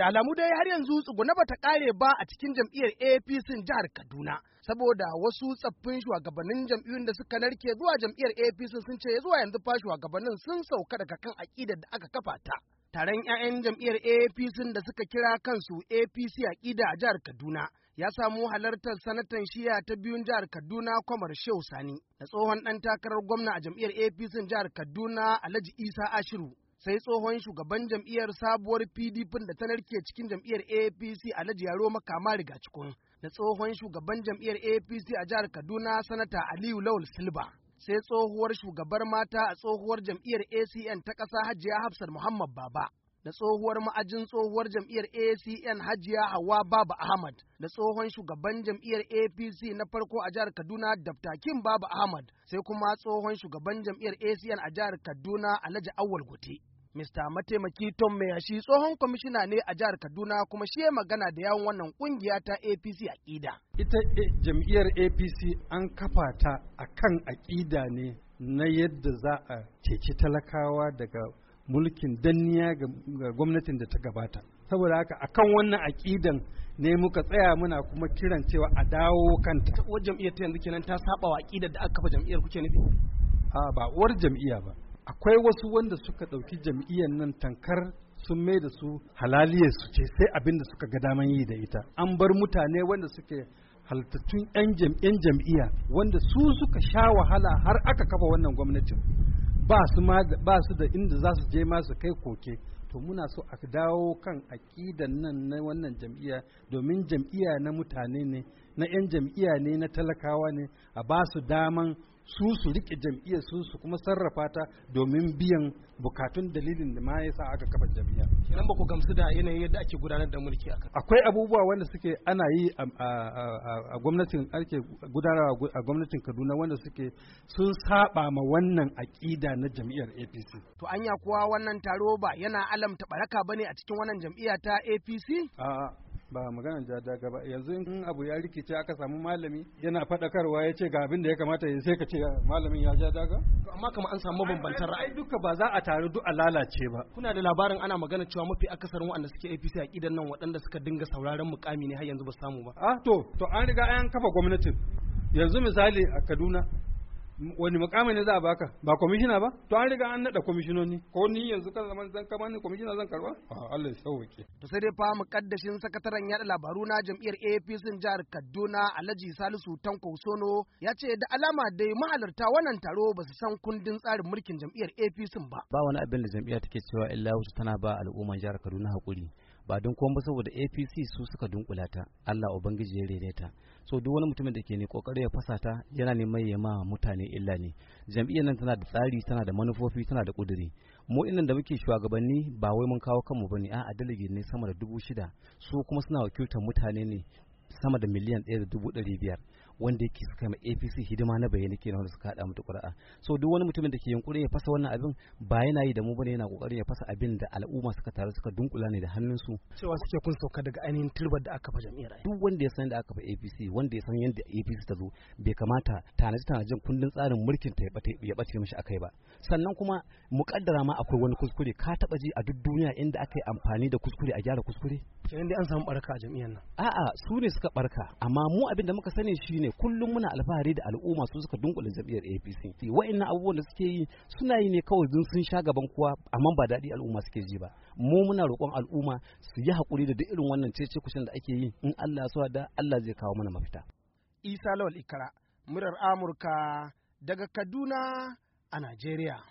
Da alamu dai har yanzu tsuguna bata kare ba a cikin jam'iyyar APC jihar Kaduna. Saboda wasu tsaffin shugabannin jam'iyyun da suka narke zuwa jam'iyyar APC sun ce zuwa yanzu fa shugabannin sun sauka daga kan aƙidar da aka kafa ta. Taron 'ya'yan jam'iyyar APC da suka kira kansu APC aƙida a jihar Kaduna ya samu halartar sanatan shiya ta biyun jihar Kaduna Kwamar Shehu Sani da tsohon ɗan takarar gwamna a jam'iyyar APC jihar Kaduna Alhaji Isa Ashiru sai tsohon shugaban jam'iyyar sabuwar pdp da ta narke cikin jam'iyyar apc alhaji yaro makama riga cikun da tsohon shugaban jam'iyyar apc a jihar kaduna sanata aliyu lawal silba sai tsohuwar shugabar mata a tsohuwar jam'iyyar acn ta ƙasa hajiya Hafsar muhammad baba da tsohuwar ma'ajin tsohuwar jam'iyyar ACN Hajiya Hawa Baba Ahmad da tsohon shugaban jam'iyyar APC na farko a jihar Kaduna Daftakin Baba Ahmad sai kuma tsohon shugaban jam'iyyar ACN a jihar Kaduna Alhaji Awal Gote. Mista mataimaki Tom shi tsohon kwamishina ne a jihar Kaduna kuma shi magana da yawon wannan kungiya ta APC ƙida. Ita eh, jam'iyyar APC an kafa ta akan aƙida ne na yadda za a ceci talakawa daga mulkin danniya ga gwamnatin da ta gabata. Saboda haka a kan wannan aƙidan ne muka tsaya muna kuma kiran cewa a dawo kanta. Wajen jam'iyyar ta yanzu kenan ta saba wa aƙidar da aka kafa jam'iyyar kuke nufi? A ba uwar jam'iyya ba. akwai wasu wanda suka ɗauki jam'iyyar nan tankar sun mai da su halaliyar su ce sai abin da suka ga daman yi da ita an bar mutane wanda suke halittattun 'yan jam'iyya wanda su suka sha wahala har aka kafa wannan gwamnatin ba su da inda za su je masu kai koke to muna so a dawo kan aƙidan nan na wannan jam'iyya domin jam'iyya na mutane ne na 'yan jam'iyya ne na talakawa ne a ba su daman su su rike jam'iyyar su su kuma sarrafa ta domin biyan bukatun dalilin da ma ya sa aka kafa jam'iyya kenan ba ku gamsu da yanayin yadda ake gudanar da mulki akan akwai abubuwa wanda suke ana yi a gwamnatin ake gudanarwa a gwamnatin Kaduna wanda suke sun saba ma wannan aƙida na jam'iyyar APC to anya kuwa wannan taro ba yana alamta baraka bane a cikin wannan jam'iyya ta APC a'a ba magana ja daga ba yanzu in abu ya rikice aka samu malami yana faɗakarwa ya ce ga abin da ya kamata ya sai ka ce malamin ya ja daga amma kama an samu bambantar ra'ayi duka ba za a taru duk a lalace ba kuna da labarin ana magana cewa mafi akasarin waɗanda suke APC a kidan nan waɗanda suka dinga sauraron mukami ne har yanzu ba samu ba ah to to an riga an kafa gwamnatin yanzu misali a Kaduna wani mukamin ne za a baka ba kwamishina ba to an riga an nada kwamishinoni ko ni yanzu kan zaman zan kama ni kwamishina zan karba a Allah ya sauke to sai dai fa kaddashin sakataren yada labaru na jam'iyyar APC jihar Kaduna Alhaji Salisu Tanko Sono ya ce da alama dai mahalarta wannan taro ba su san kundin tsarin mulkin jam'iyyar APC ba ba wani abin da jam'iyyar take cewa illa wasu tana ba al'umman jihar Kaduna hakuri ba don kuma ba saboda apc su suka dunkula ta allah ubangiji ya rene ta so duk wani mutumin da ke ne kokarin ya fasa ta yana ne mai yama mutane illa ne jam'iyyar nan tana da tsari tana da manufofi tana da kuduri mu inan da muke shugabanni ba wai mun kawo kanmu bane a'a delegate ne sama da dubu shida su kuma suna wakiltar mutane ne sama da miliyan ɗaya da dubu ɗari biyar wanda yake suka ma APC hidima na bayani kenan wanda suka hada mutu ƙura'a so duk wani mutumin da ke yunkurin ya fasa wannan abin ba yana yi da mu bane yana kokarin ya fasa abin da al'umma suka taru suka dunkula ne da hannunsu cewa suke kun sauka daga ainihin turbar da aka fa jam'iyyar duk wanda ya san da aka fa APC wanda ya san yadda APC ta zo bai kamata tanaji jin kundin tsarin mulkin ta ya bace mishi akai ba sannan kuma mukaddara ma akwai wani kuskure ka taba ji a duk duniya inda aka yi amfani da kuskure a gyara kuskure kenan dai an samu barka a jam'iyyar nan a'a su ne suka barka amma mu abin da muka sani shine kullum muna alfahari da al'umma su suka dunkule jam'iyyar APC wa'annan abubuwan da suke yi suna yi ne kawai dun sun sha gaban kowa amma ba daɗi al'umma suke ji ba mu muna roƙon al'umma su yi hakuri da duk irin wannan cece kushin da ake yi in Allah so da Allah zai kawo mana mafita Isa Lawal Ikara murar Amurka daga Kaduna a Najeriya